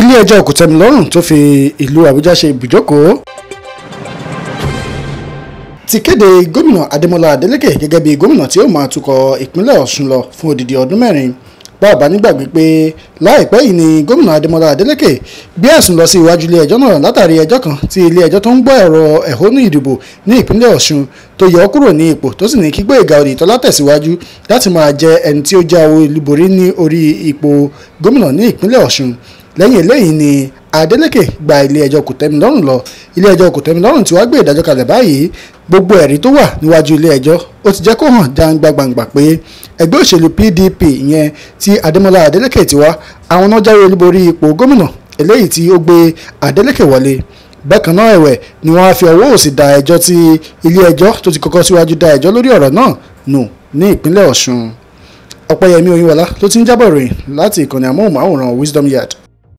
ilé ẹjọ́ kòtẹ́milọ́rùn tó fi ìlú Àbújá ṣe ibùjókòó ti kéde gómìnà Adémọ́lá Adélékè gẹ́gẹ́ bí gómìnà tí ó máa tukọ̀ ìpínlẹ̀ Ọ̀ṣun lọ fún odidi ọdún mẹ́rin bàbá nígbàgbé pé láìpẹ́ yìí ni gómìnà Adémọ́lá Adélékè gbé ẹ̀sùn lọ sí iwájú ilé ẹjọ́ náà látàrí ẹjọ́ kan tí ilé ẹjọ́ tó ń gbọ́ ẹ̀rọ ẹ̀hónú ìdìbò ní ìpínlẹ̀ Ọ̀ṣun tó yọ ọ́ kúrò ní ipò tó sì ní kí Gbóyèga Oyètọ́lá tẹ̀síwájú láti máa jẹ ẹni tí ó jáwé olúborí ní orí ipò gómìnà ní ìpínlẹ̀ Ọ̀ṣun lẹ́yìn eléyìí ni Adeleke gba ilé-ẹjọ́ kòtẹ́milọ́rùn lọ ilé-ẹjọ́ kòtẹ́milọ́rùn tí wàá gbé ìdájọ́ kalẹ̀ báyìí gbogbo ẹ̀rí tó wà níwájú ilé-ẹjọ́ ó ti jẹ́ kó hàn jàǹgbàǹgbà pé ẹgbẹ́ òṣèlú PDP ìyẹn tí Adémọ́lá Adeleke ti wá àwọn náà jáwé olúborí ipò gómìnà eléyìí tí ó gbé Adeleke wọlé bákan náà ẹ̀wẹ̀ ni wọ́n á fi ọwọ́ òsì da ẹjọ́ tí ilé-ẹjọ́ tó ti kọ́kọ́ síwájú da ẹjọ́ lórí ọ̀rọ̀ náà nù ní ìpínlẹ̀ Ọ̀ṣun Ọ̀pẹ́yẹmí Oyinwọlá ló ti ń jábọ̀ ròyìn láti ìkànnì amóhùnmáwòrán Wisdom Yard